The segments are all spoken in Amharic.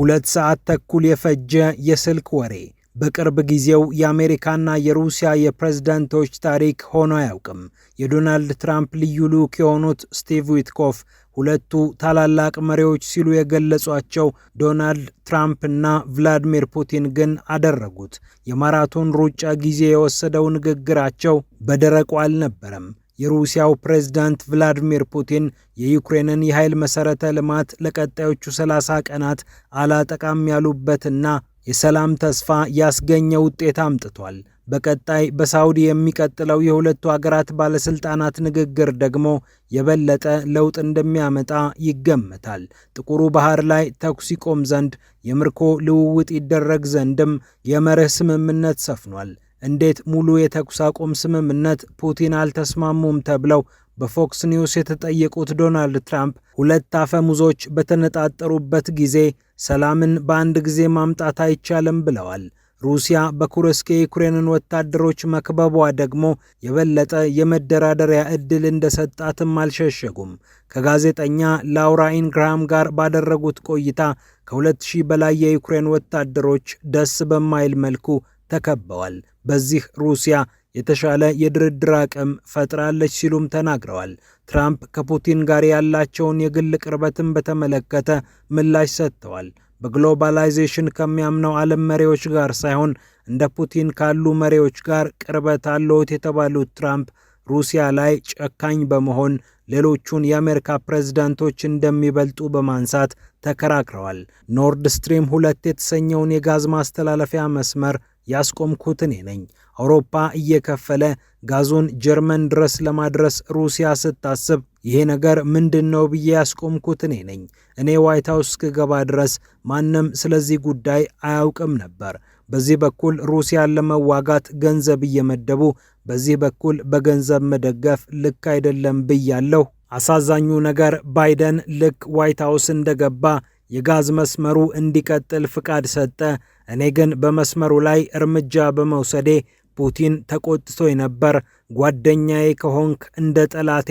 ሁለት ሰዓት ተኩል የፈጀ የስልክ ወሬ በቅርብ ጊዜው የአሜሪካና የሩሲያ የፕሬዝዳንቶች ታሪክ ሆኖ አያውቅም። የዶናልድ ትራምፕ ልዩ ልዑክ የሆኑት ስቲቭ ዊትኮፍ ሁለቱ ታላላቅ መሪዎች ሲሉ የገለጿቸው ዶናልድ ትራምፕ እና ቭላዲሚር ፑቲን ግን አደረጉት። የማራቶን ሩጫ ጊዜ የወሰደው ንግግራቸው በደረቁ አልነበረም። የሩሲያው ፕሬዝዳንት ቭላዲሚር ፑቲን የዩክሬንን የኃይል መሠረተ ልማት ለቀጣዮቹ 30 ቀናት አላጠቃም ያሉበትና የሰላም ተስፋ ያስገኘ ውጤት አምጥቷል። በቀጣይ በሳውዲ የሚቀጥለው የሁለቱ አገራት ባለስልጣናት ንግግር ደግሞ የበለጠ ለውጥ እንደሚያመጣ ይገመታል። ጥቁሩ ባህር ላይ ተኩስ ይቆም ዘንድ፣ የምርኮ ልውውጥ ይደረግ ዘንድም የመርህ ስምምነት ሰፍኗል። እንዴት ሙሉ የተኩስ አቁም ስምምነት ፑቲን አልተስማሙም ተብለው በፎክስ ኒውስ የተጠየቁት ዶናልድ ትራምፕ ሁለት አፈሙዞች በተነጣጠሩበት ጊዜ ሰላምን በአንድ ጊዜ ማምጣት አይቻልም ብለዋል። ሩሲያ በኩርስክ የዩክሬንን ወታደሮች መክበቧ ደግሞ የበለጠ የመደራደሪያ ዕድል እንደሰጣትም አልሸሸጉም። ከጋዜጠኛ ላውራ ኢንግራም ጋር ባደረጉት ቆይታ ከ 2 በላይ የዩክሬን ወታደሮች ደስ በማይል መልኩ ተከበዋል። በዚህ ሩሲያ የተሻለ የድርድር አቅም ፈጥራለች ሲሉም ተናግረዋል። ትራምፕ ከፑቲን ጋር ያላቸውን የግል ቅርበትን በተመለከተ ምላሽ ሰጥተዋል። በግሎባላይዜሽን ከሚያምነው ዓለም መሪዎች ጋር ሳይሆን እንደ ፑቲን ካሉ መሪዎች ጋር ቅርበት አለዎት የተባሉት ትራምፕ ሩሲያ ላይ ጨካኝ በመሆን ሌሎቹን የአሜሪካ ፕሬዝዳንቶች እንደሚበልጡ በማንሳት ተከራክረዋል። ኖርድ ስትሪም ሁለት የተሰኘውን የጋዝ ማስተላለፊያ መስመር ያስቆምኩት እኔ ነኝ። አውሮፓ እየከፈለ ጋዙን ጀርመን ድረስ ለማድረስ ሩሲያ ስታስብ ይሄ ነገር ምንድን ነው ብዬ ያስቆምኩት እኔ ነኝ። እኔ ዋይት ሀውስ እስክገባ ድረስ ማንም ስለዚህ ጉዳይ አያውቅም ነበር። በዚህ በኩል ሩሲያን ለመዋጋት ገንዘብ እየመደቡ፣ በዚህ በኩል በገንዘብ መደገፍ ልክ አይደለም ብያለሁ። አሳዛኙ ነገር ባይደን ልክ ዋይት ሀውስ እንደገባ የጋዝ መስመሩ እንዲቀጥል ፍቃድ ሰጠ። እኔ ግን በመስመሩ ላይ እርምጃ በመውሰዴ ፑቲን ተቆጥቶኝ ነበር። ጓደኛዬ ከሆንክ እንደ ጠላቴ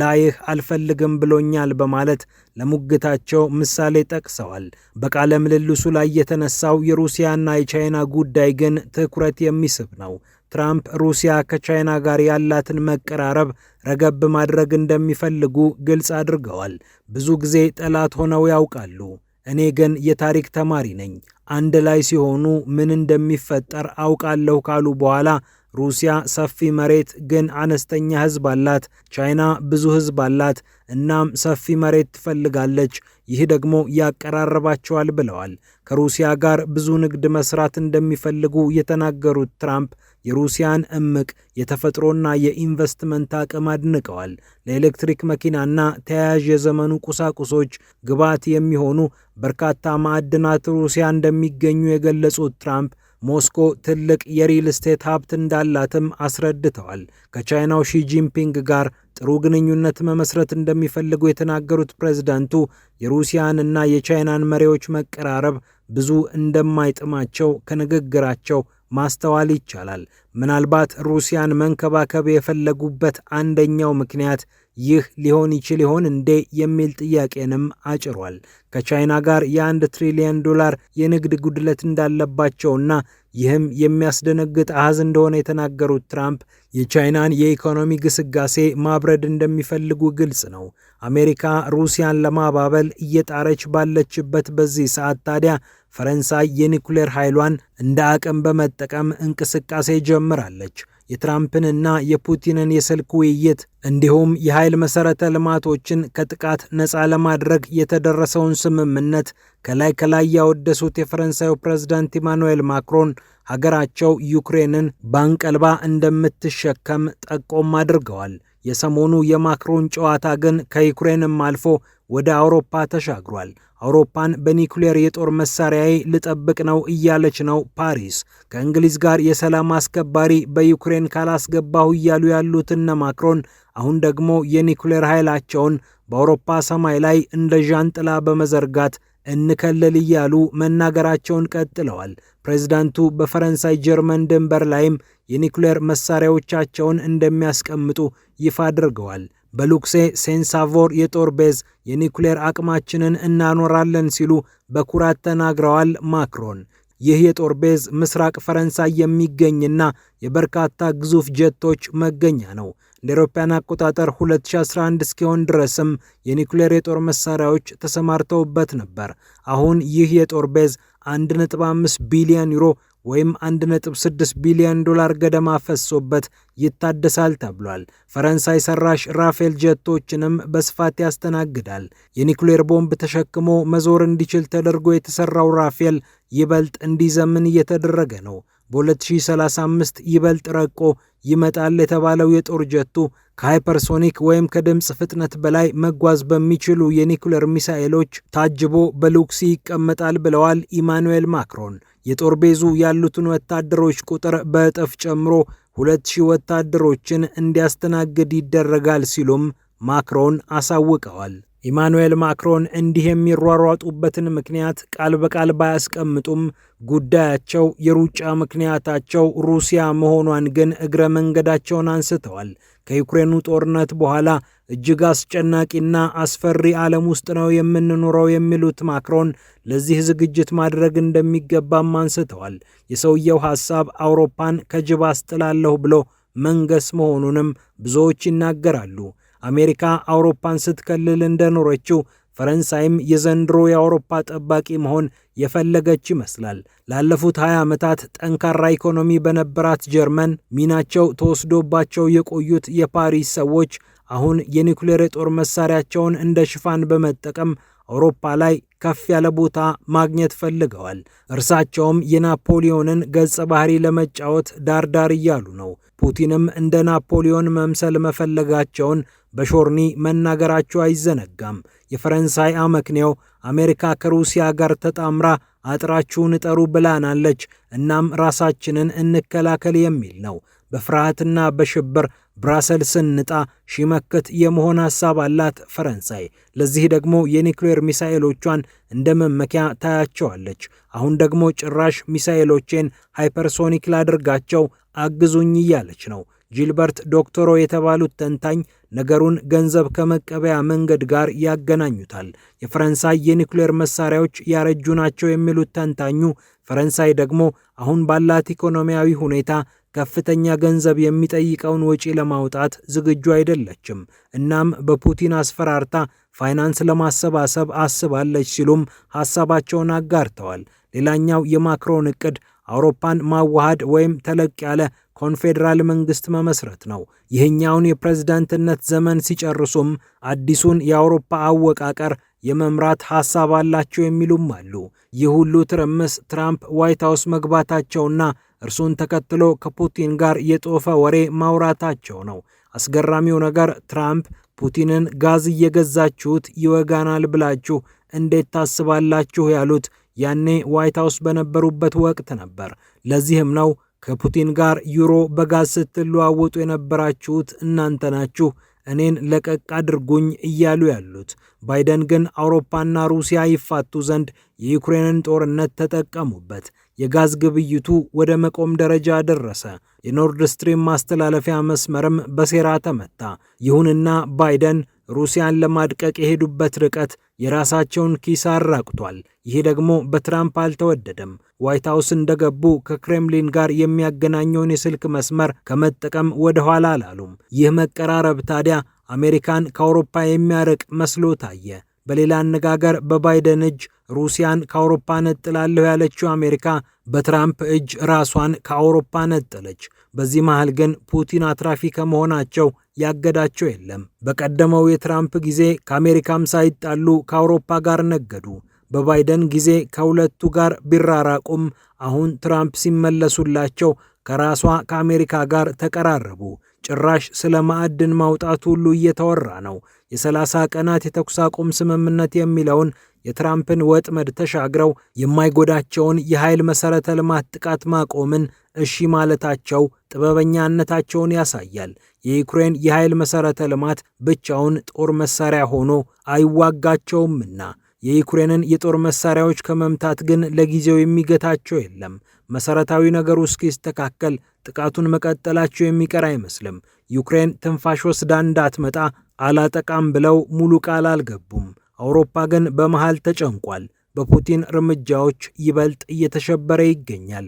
ላይህ አልፈልግም ብሎኛል በማለት ለሙግታቸው ምሳሌ ጠቅሰዋል። በቃለ ምልልሱ ላይ የተነሳው የሩሲያና የቻይና ጉዳይ ግን ትኩረት የሚስብ ነው። ትራምፕ ሩሲያ ከቻይና ጋር ያላትን መቀራረብ ረገብ ማድረግ እንደሚፈልጉ ግልጽ አድርገዋል። ብዙ ጊዜ ጠላት ሆነው ያውቃሉ። እኔ ግን የታሪክ ተማሪ ነኝ። አንድ ላይ ሲሆኑ ምን እንደሚፈጠር አውቃለሁ ካሉ በኋላ ሩሲያ ሰፊ መሬት ግን አነስተኛ ህዝብ አላት። ቻይና ብዙ ህዝብ አላት፣ እናም ሰፊ መሬት ትፈልጋለች። ይህ ደግሞ ያቀራርባቸዋል ብለዋል። ከሩሲያ ጋር ብዙ ንግድ መስራት እንደሚፈልጉ የተናገሩት ትራምፕ የሩሲያን እምቅ የተፈጥሮና የኢንቨስትመንት አቅም አድንቀዋል። ለኤሌክትሪክ መኪናና ተያያዥ የዘመኑ ቁሳቁሶች ግብዓት የሚሆኑ በርካታ ማዕድናት ሩሲያ እንደሚገኙ የገለጹት ትራምፕ ሞስኮ ትልቅ የሪል ስቴት ሀብት እንዳላትም አስረድተዋል። ከቻይናው ሺ ጂንፒንግ ጋር ጥሩ ግንኙነት መመስረት እንደሚፈልጉ የተናገሩት ፕሬዝዳንቱ የሩሲያንና የቻይናን መሪዎች መቀራረብ ብዙ እንደማይጥማቸው ከንግግራቸው ማስተዋል ይቻላል። ምናልባት ሩሲያን መንከባከብ የፈለጉበት አንደኛው ምክንያት ይህ ሊሆን ይችል ይሆን እንዴ የሚል ጥያቄንም አጭሯል። ከቻይና ጋር የአንድ ትሪሊየን ዶላር የንግድ ጉድለት እንዳለባቸውና ይህም የሚያስደነግጥ አሃዝ እንደሆነ የተናገሩት ትራምፕ የቻይናን የኢኮኖሚ ግስጋሴ ማብረድ እንደሚፈልጉ ግልጽ ነው። አሜሪካ ሩሲያን ለማባበል እየጣረች ባለችበት በዚህ ሰዓት ታዲያ ፈረንሳይ የኒኩሌር ኃይሏን እንደ አቅም በመጠቀም እንቅስቃሴ ጀምራለች። የትራምፕንና የፑቲንን የስልክ ውይይት እንዲሁም የኃይል መሠረተ ልማቶችን ከጥቃት ነፃ ለማድረግ የተደረሰውን ስምምነት ከላይ ከላይ ያወደሱት የፈረንሳዩ ፕሬዝዳንት ኢማኑኤል ማክሮን ሀገራቸው ዩክሬንን በአንቀልባ እንደምትሸከም ጠቆም አድርገዋል። የሰሞኑ የማክሮን ጨዋታ ግን ከዩክሬንም አልፎ ወደ አውሮፓ ተሻግሯል። አውሮፓን በኒውክሌር የጦር መሳሪያዬ ልጠብቅ ነው እያለች ነው ፓሪስ። ከእንግሊዝ ጋር የሰላም አስከባሪ በዩክሬን ካላስገባሁ እያሉ ያሉት እነ ማክሮን አሁን ደግሞ የኒውክሌር ኃይላቸውን በአውሮፓ ሰማይ ላይ እንደ ዣንጥላ በመዘርጋት እንከለል እያሉ መናገራቸውን ቀጥለዋል። ፕሬዝዳንቱ በፈረንሳይ ጀርመን ድንበር ላይም የኒውክሌር መሳሪያዎቻቸውን እንደሚያስቀምጡ ይፋ አድርገዋል። በሉክሴ ሴንሳቮር የጦር ቤዝ የኒውክሌር አቅማችንን እናኖራለን ሲሉ በኩራት ተናግረዋል ማክሮን። ይህ የጦር ቤዝ ምስራቅ ፈረንሳይ የሚገኝና የበርካታ ግዙፍ ጀቶች መገኛ ነው። እንደ አውሮፓውያን አቆጣጠር 2011 እስኪሆን ድረስም የኒውክሌር የጦር መሳሪያዎች ተሰማርተውበት ነበር። አሁን ይህ የጦር ቤዝ 1.5 ቢሊዮን ዩሮ ወይም 1.6 ቢሊዮን ዶላር ገደማ ፈሶበት ይታደሳል ተብሏል። ፈረንሳይ ሰራሽ ራፌል ጀቶችንም በስፋት ያስተናግዳል። የኒኩሌር ቦምብ ተሸክሞ መዞር እንዲችል ተደርጎ የተሰራው ራፌል ይበልጥ እንዲዘምን እየተደረገ ነው። በ2035 ይበልጥ ረቆ ይመጣል የተባለው የጦር ጀቱ ከሃይፐርሶኒክ ወይም ከድምፅ ፍጥነት በላይ መጓዝ በሚችሉ የኒኩለር ሚሳኤሎች ታጅቦ በሉክሲ ይቀመጣል ብለዋል ኢማኑኤል ማክሮን። የጦር ቤዙ ያሉትን ወታደሮች ቁጥር በእጥፍ ጨምሮ 2000 ወታደሮችን እንዲያስተናግድ ይደረጋል ሲሉም ማክሮን አሳውቀዋል። ኢማኑኤል ማክሮን እንዲህ የሚሯሯጡበትን ምክንያት ቃል በቃል ባያስቀምጡም ጉዳያቸው የሩጫ ምክንያታቸው ሩሲያ መሆኗን ግን እግረ መንገዳቸውን አንስተዋል። ከዩክሬኑ ጦርነት በኋላ እጅግ አስጨናቂና አስፈሪ ዓለም ውስጥ ነው የምንኖረው የሚሉት ማክሮን ለዚህ ዝግጅት ማድረግ እንደሚገባም አንስተዋል። የሰውየው ሐሳብ አውሮፓን ከጅብ አስጥላለሁ ብሎ መንገስ መሆኑንም ብዙዎች ይናገራሉ። አሜሪካ አውሮፓን ስትከልል እንደኖረችው ፈረንሳይም የዘንድሮ የአውሮፓ ጠባቂ መሆን የፈለገች ይመስላል። ላለፉት 20 ዓመታት ጠንካራ ኢኮኖሚ በነበራት ጀርመን ሚናቸው ተወስዶባቸው የቆዩት የፓሪስ ሰዎች አሁን የኒውክሌር የጦር መሳሪያቸውን እንደ ሽፋን በመጠቀም አውሮፓ ላይ ከፍ ያለ ቦታ ማግኘት ፈልገዋል። እርሳቸውም የናፖሊዮንን ገጸ ባህሪ ለመጫወት ዳርዳር እያሉ ነው። ፑቲንም እንደ ናፖሊዮን መምሰል መፈለጋቸውን በሾርኒ መናገራቸው አይዘነጋም። የፈረንሳይ አመክንያው አሜሪካ ከሩሲያ ጋር ተጣምራ አጥራችሁን እጠሩ ብላናለች፣ እናም ራሳችንን እንከላከል የሚል ነው። በፍርሃትና በሽብር ብራሰልስን ንጣ ሺመክት የመሆን ሐሳብ አላት ፈረንሳይ። ለዚህ ደግሞ የኒውክሌር ሚሳኤሎቿን እንደ መመኪያ ታያቸዋለች። አሁን ደግሞ ጭራሽ ሚሳኤሎቼን ሃይፐርሶኒክ ላድርጋቸው አግዙኝ እያለች ነው። ጂልበርት ዶክተሮ የተባሉት ተንታኝ ነገሩን ገንዘብ ከመቀበያ መንገድ ጋር ያገናኙታል። የፈረንሳይ የኒውክሌር መሳሪያዎች ያረጁ ናቸው የሚሉት ተንታኙ ፈረንሳይ ደግሞ አሁን ባላት ኢኮኖሚያዊ ሁኔታ ከፍተኛ ገንዘብ የሚጠይቀውን ወጪ ለማውጣት ዝግጁ አይደለችም። እናም በፑቲን አስፈራርታ ፋይናንስ ለማሰባሰብ አስባለች ሲሉም ሀሳባቸውን አጋርተዋል። ሌላኛው የማክሮን እቅድ አውሮፓን ማዋሃድ ወይም ተለቅ ያለ ኮንፌዴራል መንግስት መመስረት ነው። ይህኛውን የፕሬዝዳንትነት ዘመን ሲጨርሱም አዲሱን የአውሮፓ አወቃቀር የመምራት ሐሳብ አላቸው የሚሉም አሉ። ይህ ሁሉ ትርምስ ትራምፕ ዋይት ሀውስ መግባታቸውና እርሱን ተከትሎ ከፑቲን ጋር የጦፈ ወሬ ማውራታቸው ነው። አስገራሚው ነገር ትራምፕ ፑቲንን ጋዝ እየገዛችሁት ይወጋናል ብላችሁ እንዴት ታስባላችሁ ያሉት ያኔ ዋይት ሀውስ በነበሩበት ወቅት ነበር። ለዚህም ነው ከፑቲን ጋር ዩሮ በጋዝ ስትለዋወጡ የነበራችሁት እናንተ ናችሁ እኔን ለቀቅ አድርጉኝ እያሉ ያሉት። ባይደን ግን አውሮፓና ሩሲያ ይፋቱ ዘንድ የዩክሬንን ጦርነት ተጠቀሙበት። የጋዝ ግብይቱ ወደ መቆም ደረጃ ደረሰ። የኖርድ ስትሪም ማስተላለፊያ መስመርም በሴራ ተመታ። ይሁንና ባይደን ሩሲያን ለማድቀቅ የሄዱበት ርቀት የራሳቸውን ኪስ አራቁቷል። ይህ ደግሞ በትራምፕ አልተወደደም። ዋይት ሀውስ እንደገቡ ከክሬምሊን ጋር የሚያገናኘውን የስልክ መስመር ከመጠቀም ወደኋላ አላሉም። ይህ መቀራረብ ታዲያ አሜሪካን ከአውሮፓ የሚያርቅ መስሎ ታየ። በሌላ አነጋገር በባይደን እጅ ሩሲያን ከአውሮፓ ነጥላለሁ ያለችው አሜሪካ በትራምፕ እጅ ራሷን ከአውሮፓ ነጠለች። በዚህ መሃል ግን ፑቲን አትራፊ ከመሆናቸው ያገዳቸው የለም። በቀደመው የትራምፕ ጊዜ ከአሜሪካም ሳይጣሉ ከአውሮፓ ጋር ነገዱ። በባይደን ጊዜ ከሁለቱ ጋር ቢራራቁም አሁን ትራምፕ ሲመለሱላቸው ከራሷ ከአሜሪካ ጋር ተቀራረቡ። ጭራሽ ስለ ማዕድን ማውጣት ሁሉ እየተወራ ነው። የ30 ቀናት የተኩስ አቁም ስምምነት የሚለውን የትራምፕን ወጥመድ ተሻግረው የማይጎዳቸውን የኃይል መሠረተ ልማት ጥቃት ማቆምን እሺ ማለታቸው ጥበበኛነታቸውን ያሳያል። የዩክሬን የኃይል መሠረተ ልማት ብቻውን ጦር መሳሪያ ሆኖ አይዋጋቸውምና የዩክሬንን የጦር መሳሪያዎች ከመምታት ግን ለጊዜው የሚገታቸው የለም። መሰረታዊ ነገሩ እስኪስተካከል ጥቃቱን መቀጠላቸው የሚቀር አይመስልም። ዩክሬን ትንፋሽ ወስዳ እንዳትመጣ አላጠቃም ብለው ሙሉ ቃል አልገቡም። አውሮፓ ግን በመሃል ተጨንቋል። በፑቲን እርምጃዎች ይበልጥ እየተሸበረ ይገኛል።